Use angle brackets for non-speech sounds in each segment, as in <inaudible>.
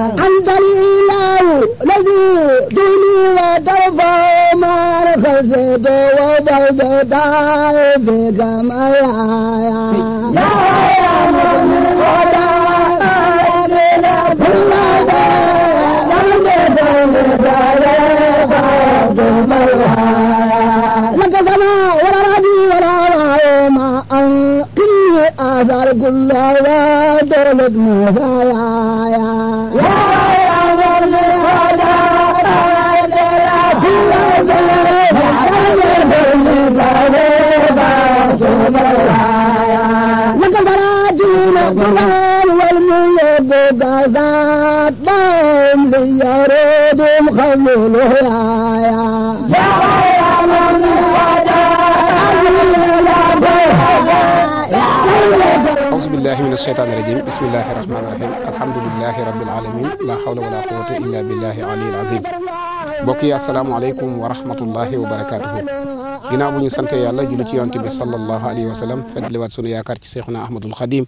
أنت الإله الذي دوني وترفع ما نفذت وبيت تعرفك ملايا لا يا مؤمن ولا لكذا ولا رادي ولا راي ما أنقي آثار كل لا درلت مزايا auzubillahi min asheytaani rajim bismillahi rahmaani rahim alhamdulilahi rabbil alamin la hawla wala quwwata illa billahi aliyil azim mbokk yi asalaamaaleykum wa rahmatullahi wa barakaatuhu ginnaaw bu ñu sante ah, yàlla julli ci yonte bi sallallahu alayhi wa sallam fàttaliwaat sunu yaakaar ci seexuna ahmadul xadim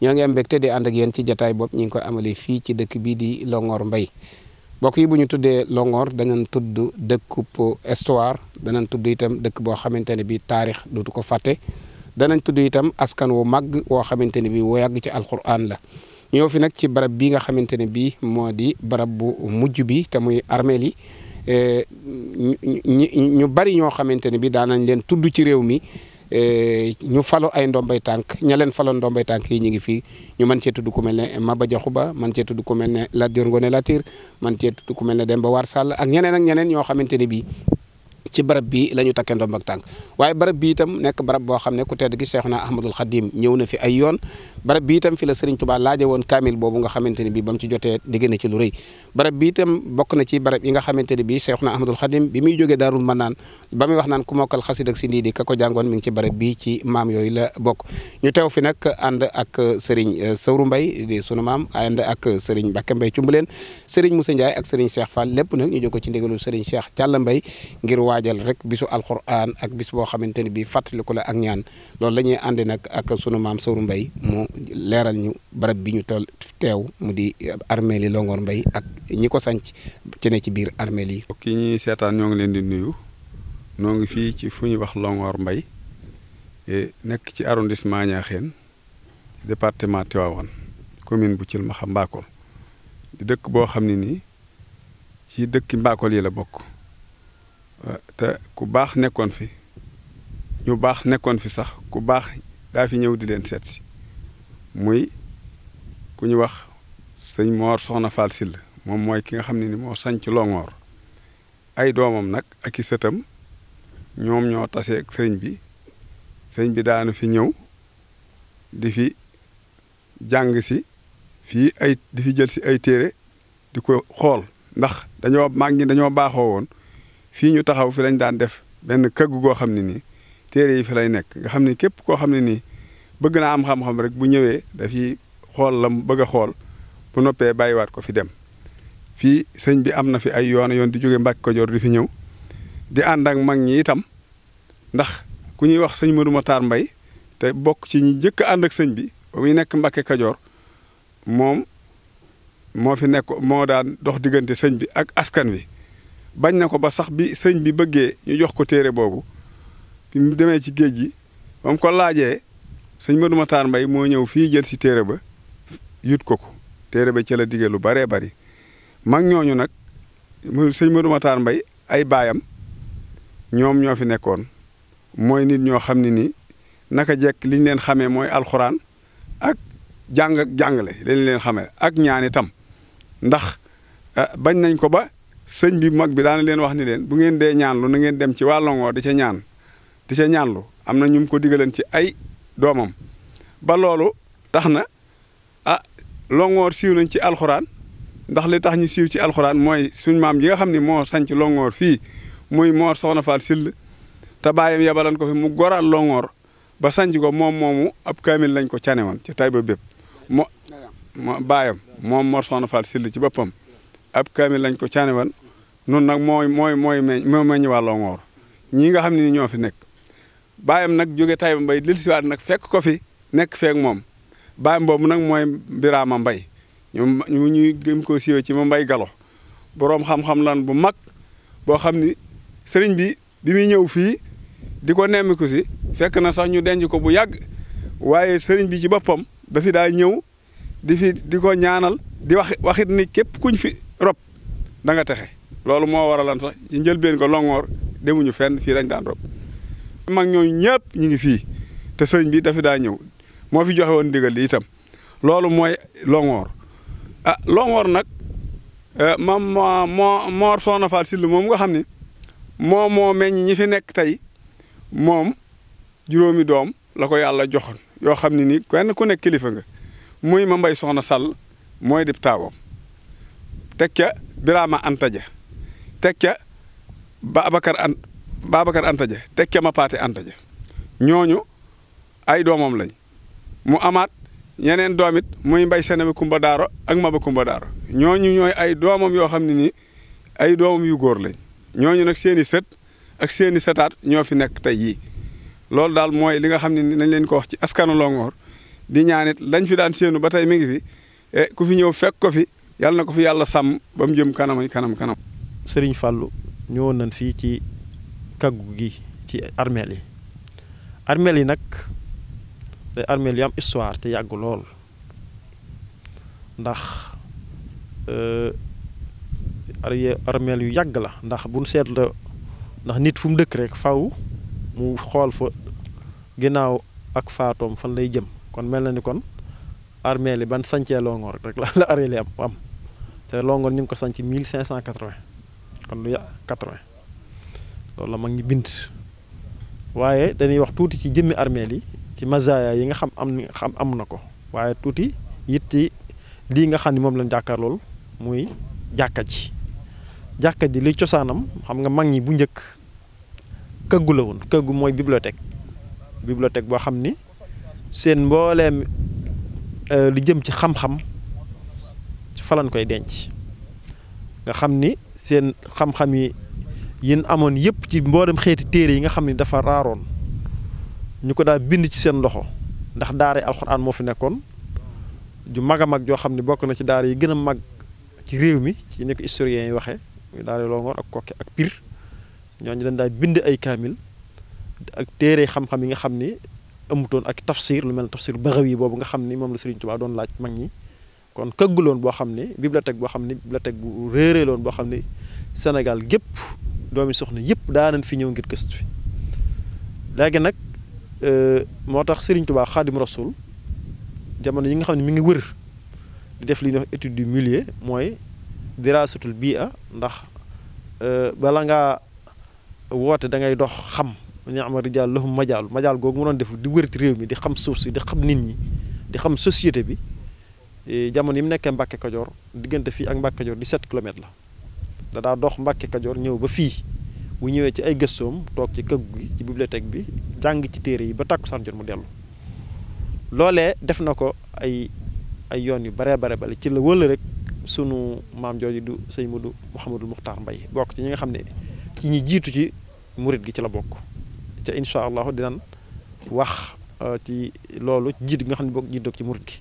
ñoo ngi am mbégte di ànd ak yéen ci jataay bopp ñi ko amalee fii ci dëkk bii di Longhor mbay mbokk yi bu ñu tuddee longoor danañ tudd dëkkub histoire danañ tudd itam dëkk boo xamante ne bi taarix dootu ko fàtte danañ tudd itam askan wu màgg woo xamante ne bi woo yàgg ci alquran la ñoo fi nag ci barab bi nga xamante ne bi moo di barab bu mujj bi te muy armeel yi ñu bari ñoo xamante ne bi daanañ leen tudd ci réew mi eh, ñu falo ay ndombay tànk ña leen faloon ndombay tànk yi ñu ngi fii ñu mën cee tudd ko mel ne Maba Diakhou Ba man cee tudd ko mel ne Lat Dior Ngoné Latyr man cee tudd ku mel ne Demba War Sall ak ñeneen ak ñeneen ñoo xamante ne bii ci barab bi la ñu takkee ndomb ak tànk waaye barab bi itam nekk barab boo xam ne ku tedd gi Seexuna Ahmadul Xadim ñëw na fi ay yoon barab bi itam fi la Sëriñ Tuubaa laaje woon kaamil boobu nga xamante ne bi ba mu ci jotee digg na ci lu rëy barab bi itam bokk na ci barab yi nga xamante ne bi Seexuna Ahmadul Xadim bi muy jógee Daarul Manaan ba muy wax naan ku mokkal xasid ak si ndii di ka ko jàngoon mi ngi ci barab bi ci maam yooyu la bokk ñu tew fi nag ànd ak Sëriñ euh, Sawru Mbay di sunu maam ànd ak Sëriñ Mbàkke Mbay Cumbuleen Sëriñ Musa Njaay ak Sëriñ Seex Fall lépp nag ñu ko ci ndigalul Sëriñ Seex Càlla Mbay ngir waajal rek bisu alquran ak bis boo xamante ni bii fàttaliku la ak ñaan loolu la ñuy àndi nag ak sunu maam Sawru Mbay mu leeral ñu barab bi ñu toll teew mu di armée yi Longoor Mbay ak ñi ko sanc ci ne ci biir armée li kii ñuy seetaan ñoo ngi leen di nuyu noo ngi fii ci fu ñuy wax Longoor Mbay e, nekk ci arrondissement Niakhène département Tivaouane commune bu Thilmakha Mbakol di dëkk boo xam ne nii ci dëkki Mbakol yi la bokk te ku baax nekkoon fi ñu baax nekkoon fi sax ku baax daa fi ñëw di leen seet si muy ku ñu wax sëñ Moor Soxna Fall Sylla moom mooy ki nga xam ne ni moo sanc Longoor ay doomam nag ak i sëtam ñoom ñoo tasee sëriñ bi sëñ bi daanu fi ñëw di fi jàng si fii ay di fi jël si ay téere di ko xool ndax dañoo maa ngi dañoo baaxoo woon fii ñu taxaw fi lañ daan def benn këgg goo xam ne nii téere yi fi lay nekk nga xam ne képp koo xam ne nii bëgg naa am xam-xam rek bu ñëwee dafiy xool la mu bëgg xool bu noppee bàyyiwaat ko fi dem fii sëñ bi am na fi ay yoon yoon di jóge Mbàkke Kajoor di fi ñëw di ànd ak mag ñi itam ndax ku ñuy wax sëñ Modou taar mbay te bokk ci ñi njëkk ànd ak sëñ bi ba muy nekk Mbàkke Kajoor moom moo fi nekk moo daan dox diggante sëñ bi ak askan wi bañ na ko ba sax bi sëñ bi bëggee ñu jox ko téere boobu bi mu demee ci géej gi ba ko laajee sëñ Modou Matar mbay moo ñëw fii jël si téere ba yut ko ko téere ba ca la digee lu baree bari mag ñooñu nag sëñ Modou taar mbay ay baayam ñoom ñoo fi nekkoon mooy nit ñoo xam ne ni naka jekk liñ leen xamee mooy alxuraan ak jàng ak jàngale lañ leen xamee ak ñaan itam ndax eh, bañ nañ ko ba sëñ bi mag bi daana leen wax ni leen bu ngeen dee ñaanlu na ngeen dem ci waa Longoor di ca ñaan di ca ñaanlu am na ñum ko digaleen ci ay doomam ba loolu tax na a ah, Longoor siiw nañ ci alxuraan ndax li tax ñu siiw ci alxuraan mooy suñ maam yi nga xam ni moo sanc Longoor fii muy Moor Soxna Faal Sill te baayam yabalan ko fi mu goral Longoor ba sanc ko moom moomu ab kaamil lañ ko cane woon ci Tayba bépp mo baayam moom Moor Soxna Faal Sill ci boppam ab kaamil lañ ko caane wan noonu nag mooy mooy mooy meñ moo meñ wàlloo ngoor ñii nga xam ne ñoo fi nekk baayam nag jóge Tayba Mbay dil siwaat nag fekk ko fi nekk feek moom baayam boobu nag mooy Biraama Mbay ñu ñuy gëm koo siiwee ci ma Mbay Galo boroom xam-xam lan bu mag boo xam ni sëriñ bi bi muy ñëw fii di ko nemmiku si fekk na sax ñu denc ko bu yàgg waaye sëriñ bi ci boppam dafi daa ñëw di fi di ko ñaanal di wax waxit ni képp kuñ fi rob danga texe loolu moo waraloon sax ci njëlbeen ko longoor demuñu fenn fii lañ daan rob mag ñooñu ñëpp ñu ngi fii te sëñ bi dafi daa ñëw moo fi joxe woon ndigal li itam loolu mooy longoor ah longoor nag eh, mam moo moo moor soxna Sill moom nga xam ni moo moom ñi fi nekk tey moom juróomi doom la ko yàlla joxoon yoo xam ne ni kenn ku nekk kilifa nga muy ma mbay soxna Sall mooy dib taawam teg ca Birama Anta Ja teg ca Babacar an Babacar Anta teg ca Mapaate Anta Ja ñooñu ay doomam lañ mu amaat ñeneen doom it muy mbay senebe Kumba Daaro ak Maba Kumba Daaro ñooñu ñooy ay doomam yoo xam ne nii ay doomam yu góor lañ ñooñu nag seeni sët ak seeni setaat ñoo fi nekk tey yii loolu daal mooy li nga xam ne ni nañ leen ko wax ci askanu Longoor di ñaanit lañ fi daan seenu ba tey mi ngi fi eh, ku fi ñëw fekk ko fi yàlla na ko fi yàlla sàmm ba mu jëm kanam kanam kanam. sëriñ Fallou ñëwoon nan fii ci kaggu gi ci armeel yi armeel yi nag te armeel yu am histoire te yàgg lool ndax euh, armeel yu yàgg la ndax bu seet la ndax nit fu mu dëkk rekk faw mu xool fa ginnaaw ak faatoom fan lay jëm kon mel na ni kon armeel yi ban sancee longoor rek la <laughs> la armeel yi am am te Longhor ñu ngi ko sanc 1580 kon lu yà 80 loolu la mag ñi bind waaye dañuy wax tuuti ci jëmmi armeel yi ci mazaaya yi nga xam am xam am na ko waaye tuuti it ci lii nga xam ni moom lañ jàkkaar lool muy jàkka ji jàkka ji li cosaanam xam nga mag ñi bu njëkk këggu la woon këggu mooy bibliothèque bibliothèque boo xam ni seen mbooleem euh, lu jëm ci xam-xam falan koy denc nga xam ni seen xam-xam yi yin amoon yëpp ci mboolem xeeti téere yi nga xam ni dafa raaroon ñu ko daa bind ci seen loxo ndax daara alxuraan moo fi nekkoon ju mag a mag joo xam ne bokk na ci daara yi gën a mag ci réew mi ci nekk historiens yi waxe muy daara Longoor ak Kokke ak Pire ñooñu dañ daa bind ay kaamil ak téere xam-xam yi nga xam ni amutoon ak tafsir lu mel ne tafsir Baghawi boobu nga xam ni moom la Serigne Touba doon laaj mag ñi kon këgguloon boo xam ne bibliothèque boo xam ne bibliothèque bu réeree loon boo xam ne Sénégal gépp doomi soxna yëpp daanañ fi ñëw ngir gëstu fi léegi nag euh, moo tax Serigne Touba Xaadim Rasul jamono yi nga xam ne mi ngi wër di def li ñuy wax étude mooy diraasatul bii a ndax euh, bala ngaa woote da ngay dox xam ni ama rijaal lahum majaal majaal googu mu doon deful di wër ci réew mi di xam suuf si di nit ñi di xam société bi Eh, jamono yi mu nekkee mbakke Kajoor diggante fii ak Mbàkke Kajoor 17 kilomètres la da daa dox mbakke Kajoor ñëw ba fii bu ñëwee ci ay gëstoom toog ci këggu gi ci bibliothèque bi jàng ci téere yi ba tàkkusaan jot mu dellu loolee def na ko ay ay yoon yu baree bare bale ci la wëla rek sunu maam yi du sëñ Mudu Mouhamadul Muxtaar Mbay bokk ci ñi nga xam ne ci ñi jiitu ci murit gi ci la bokk te incha allahu dinañ wax euh, ci loolu jiit gi nga xam ne bokk jiitoog ci murit gi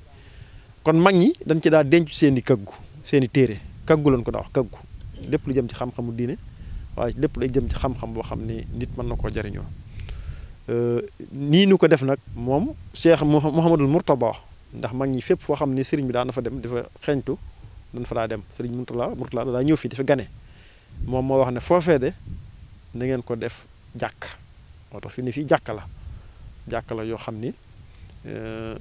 kon mag ñi dañ ci daa denc seen i kaggu seen téere kaggu lañ ko daa wax kaggu lépp lu jëm ci xam-xamu diine waaye lépp lu jëm ci xam-xam boo xam ni nit mën na koo jariñoo euh, nii nu ko def nag moom Cheikh Mouhamadul Mourtada ndax mag ñi fépp foo xam ni sëriñ bi daan na fa dem dafa xeeñtu dañ fa daa dem sëriñ Mourtada Mourtada daa ñëw fii dafa gane moom moo wax ne foofee de nangeen ngeen ko def jàkk moo tax fi ne fii jàkk la jàkk la yoo xam ni euh,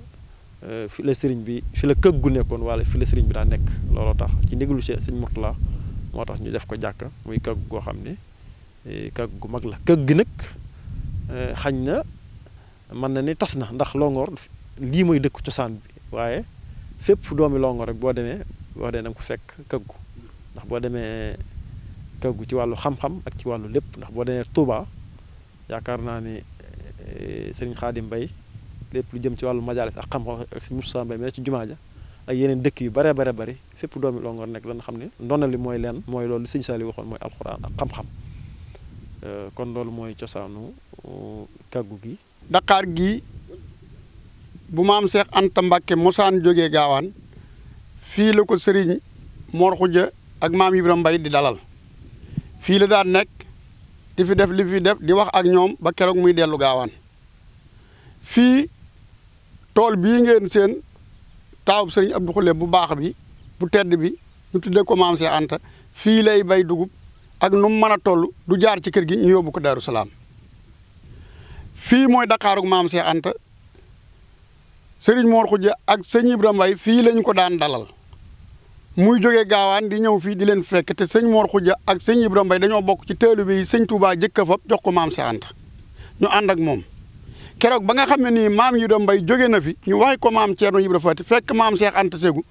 Euh, fi la sëriñ bi fi la këg gu nekkoon wala fi la sëriñ bi daa nekk looloo tax ci ndigalu se sëñ Mourtala moo tax ñu def ko jàkka muy këg goo xam ne e, këg gu mag la këg gi nag e, xañ na mën na ni tas na ndax Longhor lii mooy cosaan bi waaye fépp fu doomi Longhor rek boo demee boo demee da fekk këggu ndax boo demee këggu ci wàllu xam-xam ak ci wàllu lépp ndax boo demee Touba yaakaar naa ni e, sëriñ Xaadim Mbay lépp lu jëm ci wàllu majaalis ak xam-xam ak si Moussa Mbaye mi ci jumaa ja ak yeneen dëkk yu bare bare bari fépp doomi Longoor nekk dana xam ne ndona li mooy leen mooy loolu li Sëñ Saaliw waxoon mooy alxuraan ak xam-xam euh, kon loolu mooy cosaanu euh, kàggu gi Dakar gi bu maam Seex Anta Mbàkke mosaan jógee gaawaan fii la ko sëriñ Mor Xuja ak maam Ibra Mbay di dalal fii la daan nekk di fi def li fi def di wax ak ñoom ba keroog muy dellu gaawaan fii tool bii ngeen seen taawub sëriñ Abdou Khoule bu baax bi bu tedd bi ñu tuddee ko maam Cheikh Anta fii lay bay dugub ak nu mën a toll du jaar ci kër gi ñu yóbbu ko Daaru Salaam fii mooy Dakaarug maam Cheikh Anta sëriñ Mor Khoudia ak sëñ Ibra Mbaye fii lañ ko daan dalal muy jóge gaawaan di ñëw fii di leen fekk te sëñ Mor Khoudia ak sëñ Ibra mbay dañoo bokk ci taalibe bi sëñ Touba jëkk fab jox ko maam Cheikh Anta ñu ànd ak moom. keroog ba nga xam ne nii maam yu doon mbay jóge na fi ñu waxi ko maam Thierno Ibra Faty fekk maam Cheikh Anta Segu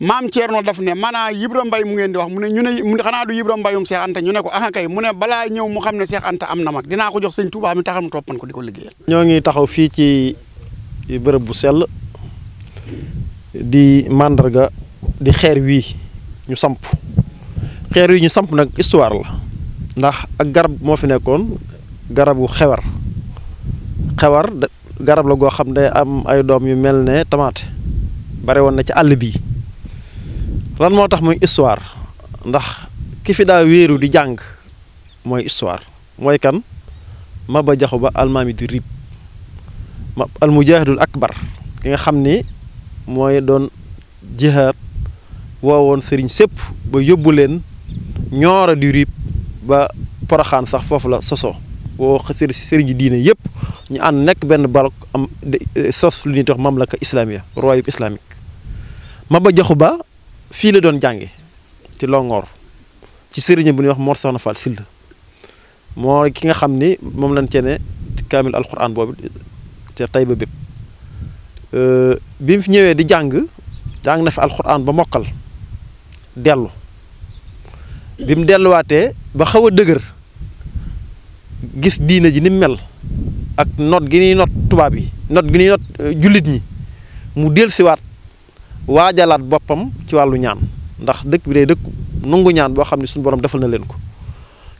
maam noo daf ne maanaa Ibra Mbay mu ngeen di wax mu ne ñu ne mu xanaa du Ibra Mbayum Cheikh Anta ñu ne ko ah kay mu ne balaa xam ne Cheikh Anta am na mag dinaa ko jox sëñ Touba mi taxam toppan ko di ko liggéeyal. ñoo ngi taxaw fii ci bërëb bu sell di màndarga di xeer wii ñu samp xeer wii ñu samp nag histoire la ndax ak garab moo fi nekkoon garabu xewar xewar garab la goo xam ne am ay doom yu mel ne tamaate bare woon na ci àll bi lan moo tax muy histoire ndax ki fi daa wéeru di jàng mooy histoire mooy kan Maba Jaxu Ba almaami di rib ma almujahidul akbar ki nga xam ni mooy doon jihaad woowoon sëriñ sépp ba yóbbu leen ñoora di rib ba poroxaan sax foofu la sosoo woo sëriñ diine yëpp ñu ànd nekk benn barok am eh, sos lu ñuy wax mamlaka islamiya royaume islamique Maba Jaxu Ba fii la doon jànge ci Longoor ci sëriñ bu ñuy wax Mor Soxna Fall Sylla moo ki nga xam ni moom lañ cee ne kaamil alquran boobu ca Tayba bépp euh, bi mu ñëwee di jàng jàng na fi alquran ba mokkal dellu bi mu delluwaatee ba xaw a dëgër gis diina ji ni mu mel ak not gi ni not tubaab yi not gi ni not euh, jullit ñi mu dellusiwaat waajalaat boppam ci wàllu ñaan ndax dëkk bi day dëkk nungu ñaan boo xam ne suñu borom defal na leen ko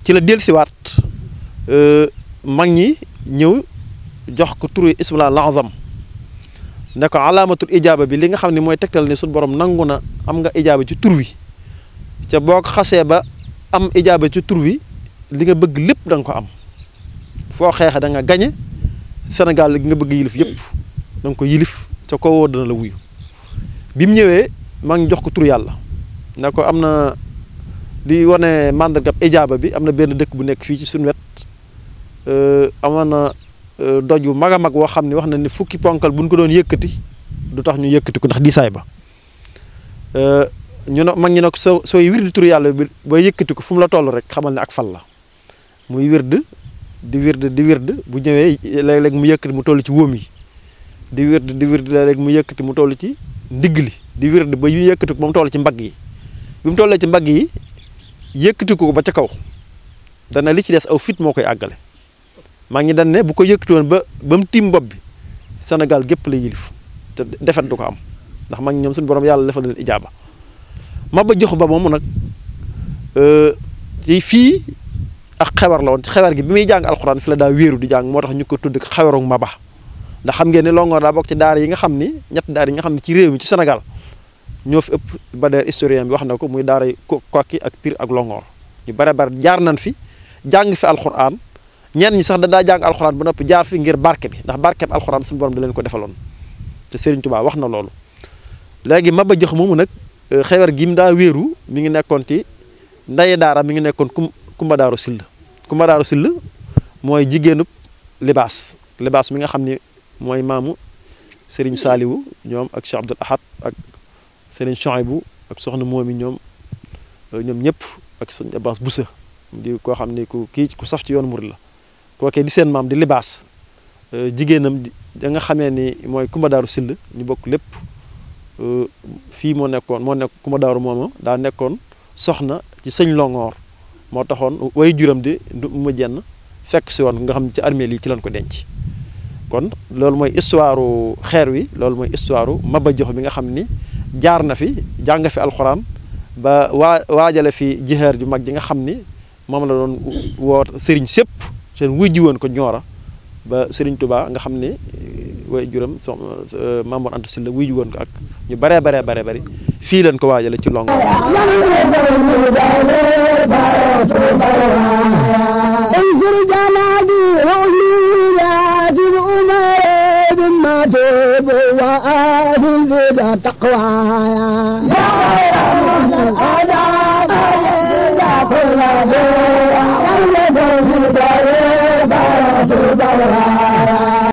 ci la dellusiwaat euh, mag ñi ñëw jox ko turu ismila lazam ne ko alaamatul ijaaba bi li nga xam ne mooy tegtal ne suñu borom nangu na am nga ijaaba ci tur wi ca boo xasee ba am ijaaba ci tur wi li nga bëgg lépp danga ko am foo xeexee danga nga gañe Sénégal gi nga bëgg yilif yëpp da nga ko yilif te ko woo dana la wuyu bi mu ñëwee maa ngi jox ko tur yàlla na ko am na di wane mandargab ijaaba bi am na benn dëkk bu nekk fii ci suñu wet amoon na doj wu mag a mag woo xam ne wax na ni fukki ponkal bu ñu ko doon yëkkati du tax ñu yëkkati ko ndax diisaay ba ñu ne mag ñi ne ko soo sooy wirdu tur yàlla bi booy yëkkati ko fu mu la toll rek xamal ne ak fal la muy wirdu di wird di wird bu ñëwee léeg mu yëkkati mu toll ci wóom yi di wird di wird léeg-léeg mu yëkkati mu toll ci ndigg li di wird ba yu yëkkati ko mu toll ci mbagg yi bi mu ci mbagg yi yëkkati ko ba ca kaw dana li ci des aw fit moo koy àggale maa ngi dan ne bu ko yëkkati woon ba ba mu tiim mbopp bi senegal gépp la yilif te defet du ko am ndax mag ngi ñoom suñu borom yàlla defal leen ijaaba ma ba jox ba moom nag euh, ci fii ak xewar la woon ci xewar gi bi muy jàng alxuraan fi la daa wéeru di jàng moo tax ñu ko tudd xewaru Maba ndax xam ngeen ne Longhor daa bokk ci daara yi nga xam ni ñetti daara yi nga xam ne ci réew mi ci Sénégal ñoo fi ëpp ba der historien bi wax na ko muy daara Kokki ak Pire ak Longhor ñu bare bare jaar nañ fi jàng fi alxuraan ñenn ñi sax da daa jàng alxuraan ba noppi jaar fi ngir barke bi ndax barke bi alxuraan suñu borom da leen ko defaloon te Serigne Touba wax na loolu léegi Maba Jaxu moomu nag xewar gi mu daa wéeru mi ngi nekkoon ci ndaye daara mi ngi nekkoon kum Kumba Daaru Sill Kumba Daaru Sill mooy jigéenub libaas libaas mi nga xam ni mooy maamu Serigne saaliwu ñoom ak Cheikh Abdoul Ahad ak Serigne Chouaïbou ak soxna Momi ñoom euh, ñoom ñëpp ak sëñ Abbas Boussa di koo xam ni ku kii ku saf ci yoon murid la kookee di seen maam di libaas euh, jigéenam danga nga xamee ni mooy Kumba Daaru Sill ñu bokk lépp euh, fii moo nekkoon moo nekk Kumba Daaru mooma daa nekkoon soxna ci sëñ Longoor moo taxoon way juram di du jenn fekk si woon nga xam ne ci armée lii ci lañ ko denc kon loolu mooy histoire xeer wi loolu mooy ma ba Jaxu bi nga xam ni jaar na fi jàng fi alxuraan ba waa waajale fi jihaar ju mag ji nga xam ni moom la doon woo sëriñ sépp seen ji woon ko ñoora ba sëriñ tubaa nga xam ne way juram so euh, Mamour Anta wuy ji woon ko ak ñu baree baree baree bari fii leen ko waajale ci long انظر جنادي وعلي يجب أمر بما تب وآهل بدا تقوايا يا رب الأدب يا كل دنيا يا رب الأدب يا رب الأدب